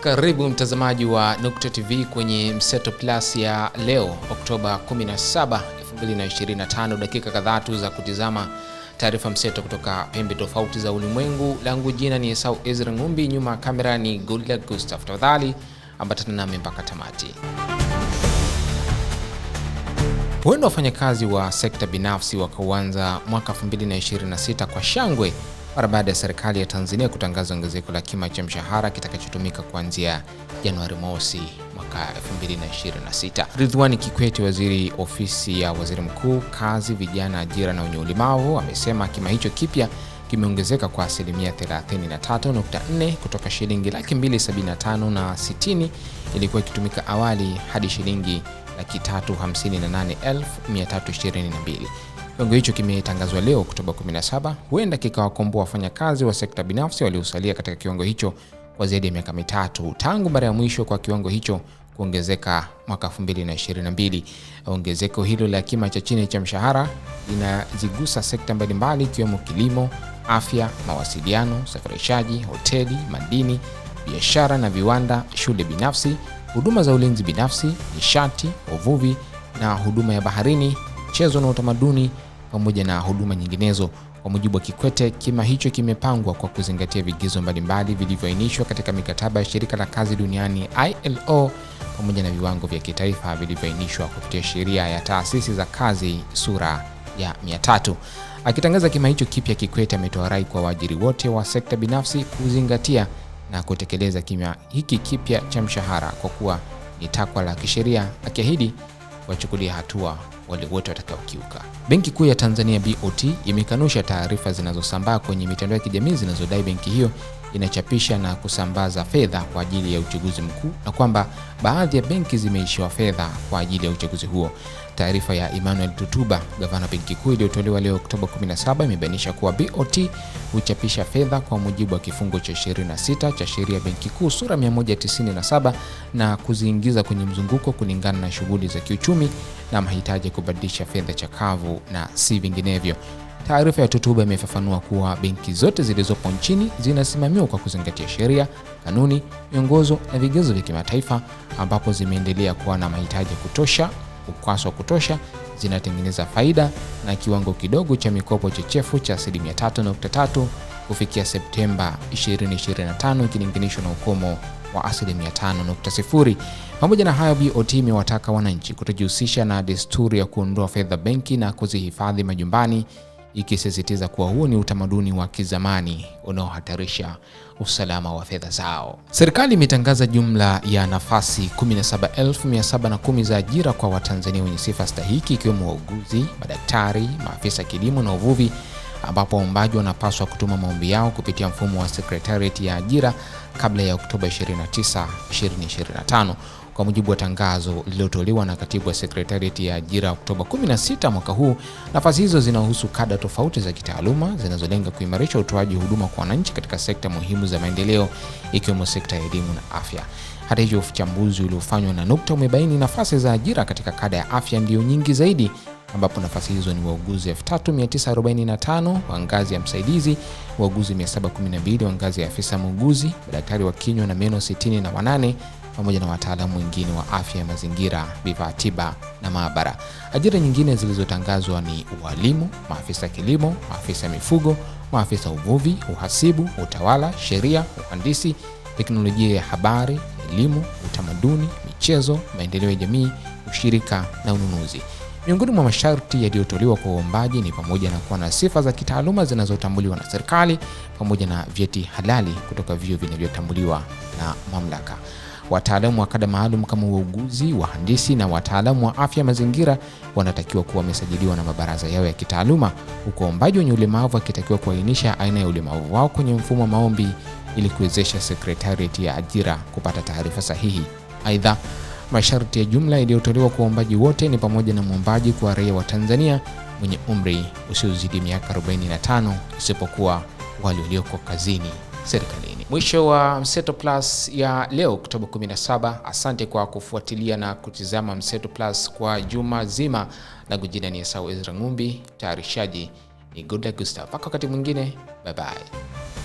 Karibu mtazamaji wa Nukta TV kwenye Mseto Plus ya leo Oktoba 17, 2025. Dakika kadhaa tu za kutizama taarifa mseto kutoka pembe tofauti za ulimwengu. Langu jina ni Esau Ezra Ngumbi, nyuma ya kamera ni Goodluck Gustav. Tafadhali ambatana nami mpaka tamati. Huenda wafanyakazi wa sekta binafsi wakauanza mwaka 2026 kwa shangwe mara baada ya serikali ya Tanzania kutangaza ongezeko la kima cha mshahara kitakachotumika kuanzia Januari mosi mwaka 2026. Ridhiwani Kikwete, waziri ofisi ya waziri mkuu, kazi, vijana, ajira na wenye ulemavu, amesema kima hicho kipya kimeongezeka kwa asilimia 33.4 kutoka shilingi laki 275 na 60 ilikuwa ikitumika awali hadi shilingi laki 358,322. Kiwango hicho kimetangazwa leo Oktoba 17, huenda kikawakomboa wafanyakazi wa sekta binafsi waliosalia katika kiwango hicho kwa zaidi ya miaka mitatu tangu mara ya mwisho kwa kiwango hicho kuongezeka mwaka 2022. Ongezeko hilo la kima cha chini cha mshahara linazigusa sekta mbalimbali ikiwemo kilimo, afya, mawasiliano, usafirishaji, hoteli, madini, biashara na viwanda, shule binafsi, huduma za ulinzi binafsi, nishati, uvuvi na huduma ya baharini, mchezo na utamaduni pamoja na huduma nyinginezo. Kwa mujibu wa Kikwete, kima hicho kimepangwa kwa kuzingatia vigezo mbalimbali vilivyoainishwa katika mikataba ya Shirika la Kazi Duniani ILO pamoja na viwango vya kitaifa vilivyoainishwa kupitia sheria ya taasisi za kazi sura ya 300. Akitangaza kima hicho kipya, Kikwete ametoa rai kwa waajiri wote wa sekta binafsi kuzingatia na kutekeleza kima hiki kipya cha mshahara kwa kuwa ni takwa la kisheria, akiahidi kuwachukulia hatua wale wote watakaokiuka. Benki Kuu ya Tanzania BOT imekanusha taarifa zinazosambaa kwenye mitandao ya kijamii zinazodai benki hiyo inachapisha na kusambaza fedha kwa ajili ya uchaguzi mkuu na kwamba baadhi ya benki zimeishiwa fedha kwa ajili ya uchaguzi huo. Taarifa ya Emmanuel Tutuba, gavana benki kuu, iliyotolewa leo Oktoba 17 imebainisha kuwa BOT huchapisha fedha kwa mujibu wa kifungu cha 26 cha sheria ya benki kuu sura 197 na kuziingiza kwenye mzunguko kulingana na shughuli za kiuchumi na mahitaji ya kubadilisha fedha chakavu na si vinginevyo. Taarifa ya Tutuba imefafanua kuwa benki zote zilizopo nchini zinasimamiwa kwa kuzingatia sheria, kanuni, miongozo na vigezo vya kimataifa, ambapo zimeendelea kuwa na mahitaji ya kutosha, ukwasi wa kutosha, zinatengeneza faida na kiwango kidogo cha mikopo chechefu cha asilimia 3.3 kufikia Septemba 2025 ikilinganishwa na ukomo wa asilimia 5.0. Pamoja na hayo, BOT imewataka wananchi kutojihusisha na desturi ya kuondoa fedha benki na kuzihifadhi majumbani, ikisisitiza kuwa huo ni utamaduni wa kizamani unaohatarisha usalama wa fedha zao. Serikali imetangaza jumla ya nafasi 17710 za ajira kwa Watanzania wenye sifa stahiki, ikiwemo wauguzi, madaktari, maafisa kilimo na uvuvi ambapo waombaji wanapaswa kutuma maombi yao kupitia mfumo wa Sekretarieti ya Ajira kabla ya Oktoba 29, 2025 kwa mujibu wa tangazo lililotolewa na katibu wa Sekretarieti ya Ajira Oktoba 16 mwaka huu, nafasi hizo zinahusu kada tofauti za kitaaluma zinazolenga kuimarisha utoaji huduma kwa wananchi katika sekta muhimu za maendeleo ikiwemo sekta ya elimu na afya. Hata hivyo, uchambuzi uliofanywa na Nukta umebaini nafasi za ajira katika kada ya afya ndiyo nyingi zaidi ambapo nafasi hizo ni wauguzi 3945 wa ngazi ya msaidizi, wauguzi 712 wa ngazi ya afisa muuguzi, madaktari wa kinywa na meno 68 pamoja na wataalamu wengine wa afya ya mazingira, vifaa tiba na maabara. Ajira nyingine zilizotangazwa ni walimu, maafisa kilimo, maafisa mifugo, maafisa uvuvi, uhasibu, utawala, sheria, uhandisi, teknolojia ya habari, elimu, utamaduni, michezo, maendeleo ya jamii, ushirika na ununuzi. Miongoni mwa masharti yaliyotolewa kwa waombaji ni pamoja na kuwa na sifa za kitaaluma zinazotambuliwa na serikali pamoja na vyeti halali kutoka vyuo vinavyotambuliwa na mamlaka. Wataalamu wa kada maalum kama wauguzi, wahandisi na wataalamu wa afya mazingira wanatakiwa kuwa wamesajiliwa na mabaraza yao ya kitaaluma, huku waombaji wenye ulemavu akitakiwa kuainisha aina ya ulemavu wao kwenye mfumo wa maombi ili kuwezesha sekretarieti ya ajira kupata taarifa sahihi. Aidha, Masharti ya jumla yaliyotolewa kwa waombaji wote ni pamoja na mwombaji kwa raia wa Tanzania mwenye umri usiozidi miaka 45 isipokuwa wale walioko kazini serikalini. Mwisho wa Mseto Plus ya leo Oktoba 17. Asante kwa kufuatilia na kutizama Mseto Plus kwa juma zima. na kujina ni Esau Ezra Ngumbi, tayarishaji ni Goodluck Gustav. Mpaka wakati mwingine, bye bye.